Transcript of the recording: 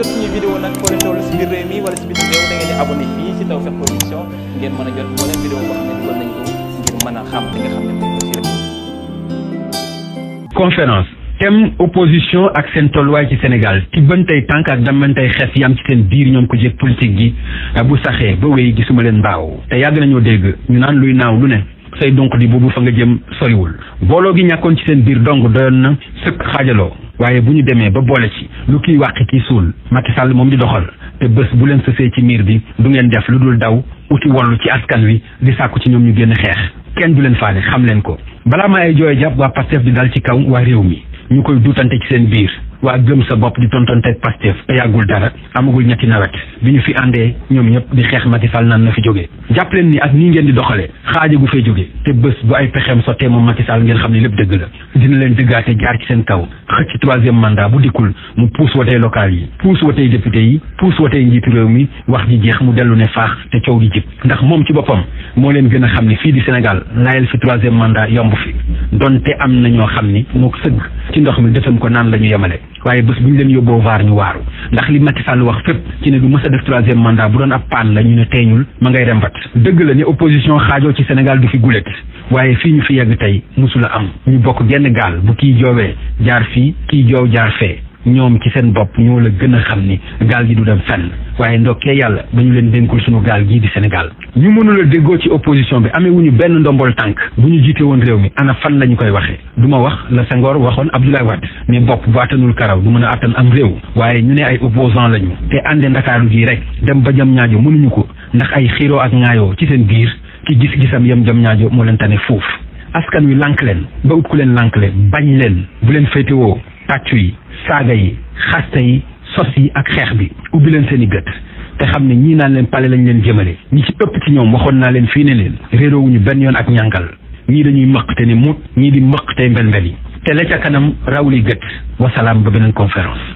jot suñu vidéo nag foo leen toll si biir réew mi wala si da ngeen di abonné fii opposition ak seen tolluwaay ci Sénégal tibbantay tànk ak dammantay xef yam ci seen biir ñoom ko jég politique gi ah, bu saxee ba wéy gisuma leen mbaaw te yàgg nañoo dégg ñu naan luy naaw lu ne say donc di boobu fa nga jëm soriwul booloo gi ñàkkoon ci seen biir dong doyoon na sëkk xaajaloo waaye bu ñu demee ba boole ci lu kiy wàq kiy suul Macky moom di doxal te bés bu leen sësee ci miir bi du ngeen def lu dul daw uti wallu ci askan wi di sàkku ci ñoom ñu génn xeex kenn du leen faale xam leen ko balaa may jooy jàpp waa Pastef di dal ci kaw waa réew mi ñu koy duutante ci seen biir waa gëm sa bopp di tontonteeg Pastef te yàggul dara amagul ñetti nawet bi ñu fi àndee ñoom ñëpp di xeex Macky Sall naan na fi jógee jàpp leen ni ak nii ngeen di doxalee xaaja gu fay jógee te bés bu ay pexeem sottee moom Macky Sall ngeen xam ne lépp dëgg la dina leen dëggaate jaar ci seen kaw xëcc ci troisième mandat bu dikkul mu puus watee local yi puus watee député yi puus watee njiitu réew mi wax ji jeex mu dellu ne faax te coow di jib ndax moom ci boppam moo leen gën a xam ne fii di Sénégal layel fi troisième mandat yomb fi donte am na ñoo xam ni moo sëgg ci ndox mi defam ko naan la ñu yemale waaye bés bu ñu leen yóbboo vaar ñu waaru ndax li Macky Sall wax fépp ci ne du mës a def troisième mandat bu doon ab paan la ñu ne teeñul ma ngay rembat dëgg la ne opposition xaajoo ci Sénégal du fi gulet waaye fii ñu fi yegg tey musula am ñu bokk genn gaal bu kii joowee jaar fii kii joow jaar fee ñoom ci seen bopp ñoo la gën a xam ni gaal gi du dem fenn waaye ndokkee yàlla dañu leen dénkul sunu gaal gii di Sénégal ñu mënul a déggoo ci opposition bi amee wu ñu benn ndombol tànk bu ñu jiite woon réew mi ana fan la ñu koy waxee du ma wax la Senghor waxoon Abdoulaye Wade ne bopp bu attanul karaw du mën a attan am réew waaye ñu ne ay opposant la ñu te ànde ndakaaru gii rek dem ba jam ñaajo mënuñu ko ndax ay xiiro ak ŋaayoo ci seen biir ki gis-gisam yam jam ñaajo moo leen tane foofu askan wi lànk leen ba ku leen lànk leen bañ leen bu leen saaga yi xaste yi sos yi ak xeex bi ubbi leen seen i gët te xam ne ñii naan leen pale lañ leen jëmale ñi ci ëpp ci ñoom waxoon naa leen fii ne leen réeroowuñu benn yoon ak ñàngal ñii dañuy mëq te ni mut ñii di mëq tey mbel mbel yi te la ca kanam rawli gët wasalaam ba beneen conférence